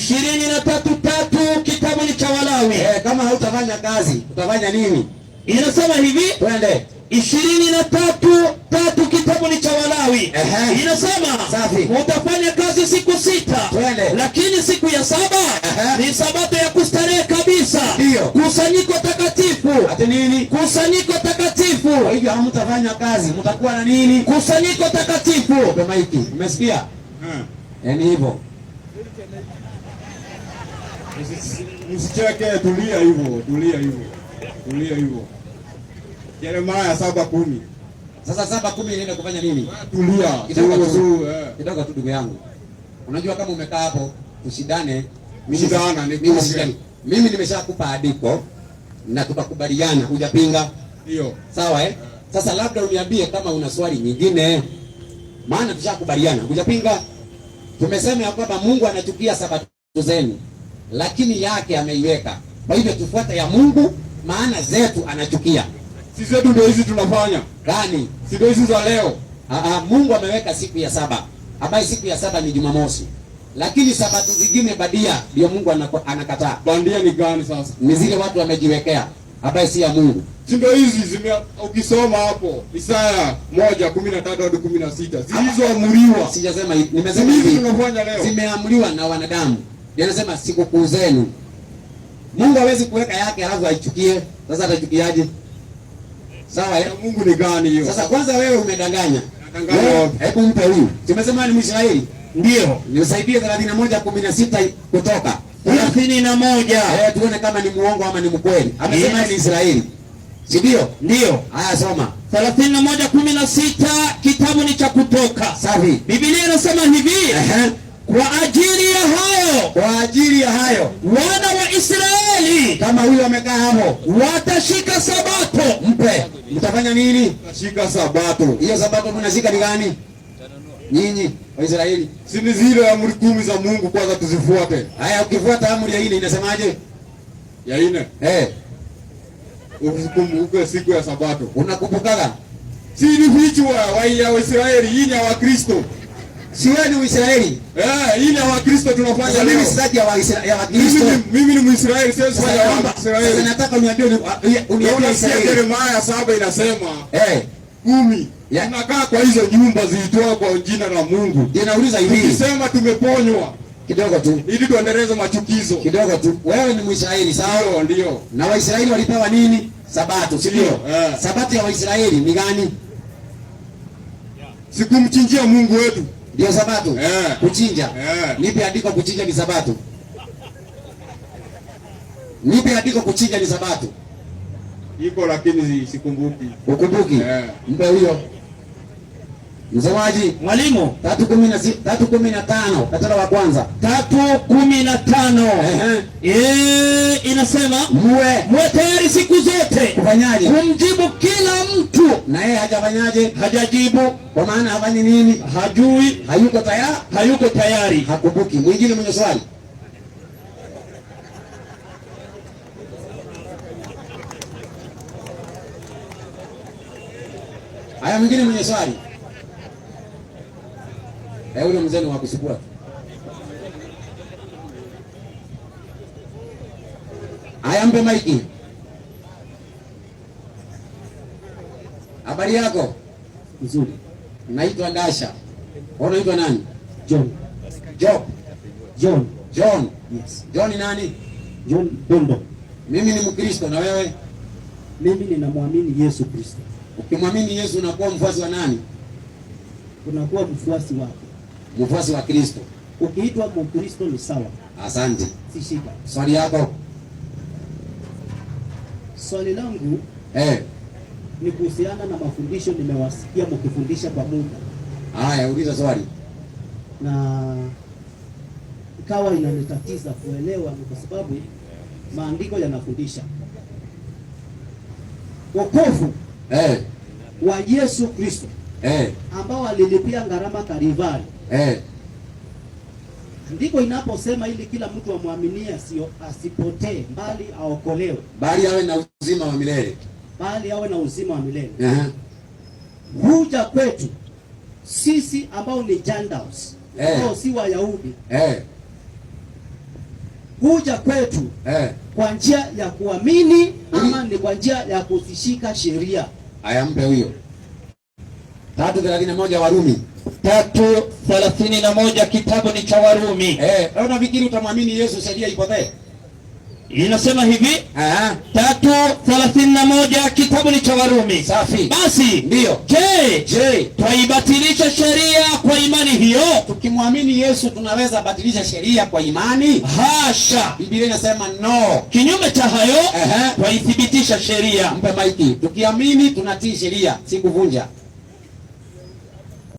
ishirini na tatu tatu kitabu ni cha Walawi. Eh, kama hautafanya kazi utafanya nini? Inasema hivi, twende ishirini na tatu tatu kitabu ni cha Walawi. Ehe. Inasema safi, utafanya kazi siku sita. Twende. Lakini siku ya saba Ehe. ni sabato ya kustarehe kabisa. Ndio. Kusanyiko takatifu. Ati nini? Kusanyiko takatifu. Kwa hivyo hamtafanya kazi, mtakuwa na nini? Kusanyiko takatifu. Kwa maiki. Umesikia? Hmm. Yaani hivyo msicheke tulia hivyo, tulia hivyo, tulia hivyo. Yeremia saba kumi. Sasa saba kumi inaenda kufanya nini? Tulia kidogo tu, eh. Eh. kidogo tu ndugu yangu. Unajua kama umekaa hapo usidane mimi nimeshakupa adiko na tukakubaliana, hujapinga ndio sawa eh? Sasa labda uniambie kama una swali nyingine, maana tushakubaliana, hujapinga. Tumesema ya kwamba Mungu anachukia sabato zenu lakini yake ameiweka. Kwa hivyo tufuate ya Mungu, maana zetu anachukia. Si zetu ndio hizi tunafanya gani? Si ndio hizi za leo? Aa, ah, ah, Mungu ameweka siku ya saba ambayo siku ya saba ni Jumamosi, lakini sabato zingine badia ndio Mungu anakataa. Bandia ni gani sasa? Ni zile watu wamejiwekea ambaye si ya Mungu. Si ndio hizi zime, ukisoma hapo Isaya 1:13 hadi 16 ah, zilizoamriwa. Sijasema, nimesema hivi zimeamriwa na wanadamu. Anasema sikukuu zenu Mungu hawezi kuweka yake alafu aichukie. Sasa atachukiaje? Sawa, ya eh, Mungu ni gani hiyo? Sasa kwanza wewe umedanganya. Hebu mpe huyu. Tumesema ni Mwisraeli. Ndio. Nisaidie 31:16 kutoka. 31. Eh, tuone kama ni muongo ama ni mkweli. Amesema ni Israeli. Si ndio? Ndio. Haya soma. 31:16 kitabu ni cha Kutoka. Safi. Biblia inasema hivi. Kwa ajili ya kwa ajili ya hayo wana wa Israeli kama huyo amekaa hapo, watashika sabato. Mpe mtafanya nini? Shika sabato. Hiyo sabato mnashika ni gani? Nyinyi Waisraeli, si ni zile amri kumi za Mungu kwanza tuzifuate. Haya, ukifuata amri ya ine inasemaje? Ya ine eh, ukumbuke siku ya sabato. Unakumbukaga? si ni vichwa wa Waisraeli, yini ya Wakristo Sio ni Uisraeli. Eh, yeah, ile wa Kristo tunafanya. Mimi si sadia wa ya wa Kristo. Mimi mimi ni Muisraeli, sio sio wa Israeli. Sasa nataka niambie uniambie uniambie Israeli. Yeremia saba inasema eh kumi. Yeah. Tunakaa kwa hizo nyumba zilitoa kwa jina la Mungu. Inauliza hivi. Ukisema tumeponywa kidogo tu ili tuendeleze machukizo kidogo tu. Wewe ni Mwisraeli sawa? Ndio. Na Waisraeli walipewa nini? Sabato, si ndio? Yeah. Sabato ya Waisraeli ni gani? Yeah. Sikumchinjia Mungu wetu ndio sabato? Yeah. Kuchinja. Yeah. Nipe andiko kuchinja ni sabato. Nipe andiko kuchinja ni sabato. Iko lakini sikumbuki. Ukumbuki? Yeah. mbe huyo. Msemaji mwalimu, tatu kumi na si, tatu kumi na tano katala wa kwanza tatu kumi na tano e, inasema mwe mwe tayari siku zote kufanyaje? Kumjibu kila mtu, na yeye hajafanyaje? Hajajibu. Kwa maana hafanyi nini? Hajui, hayuko tayari, hayuko tayari, hakumbuki. Mwingine mwenye swali haya, mwingine mwenye swali Eh, ule mzee ni wa kusukua. Haya, mpe maiki. Habari yako? Nzuri. Naitwa Dasha. Unaitwa nani? John. Job. John. John. Yes. John nani? John Dondo. Mimi ni Mkristo na wewe? Mimi ninamwamini Yesu Kristo. Ukimwamini Yesu unakuwa mfuasi wa nani? Unakuwa mfuasi wako mfuasi wa Kristo. Ukiitwa Mkristo ni sawa. Asante, si shida. Swali yako? Swali langu hey, ni kuhusiana na mafundisho nimewasikia mkifundisha kwa muda. Haya, uliza swali. Na ikawa inanitatiza kuelewa, ni kwa sababu maandiko yanafundisha wokovu hey, wa Yesu Kristo eh, ambao walilipia gharama karivali eh. Ndiko inaposema ili kila mtu amwaminie asipotee, bali aokolewe, bali awe na uzima wa milele, bali awe na uzima wa milele uh -huh. Huja kwetu sisi ambao ni Gentiles eh, ambao si Wayahudi eh, huja kwetu eh, kwa njia ya kuamini ama ni kwa njia ya kuzishika sheria. Ayampe huyo Tatu thelathini na moja Warumi tatu thelathini na moja kitabu ni cha Warumi. Eh, unafikiri utamwamini Yesu sheria iko Inasema hivi Aha. tatu thelathini na moja kitabu ni cha Warumi. Safi. Basi ndio. Je, je, twaibatilisha sheria kwa imani hiyo? Tukimwamini Yesu tunaweza batilisha sheria kwa imani? Hasha, Biblia inasema no. Kinyume cha hayo, twaithibitisha sheria. Mpe maiki. Tukiamini tunatii sheria, si kuvunja.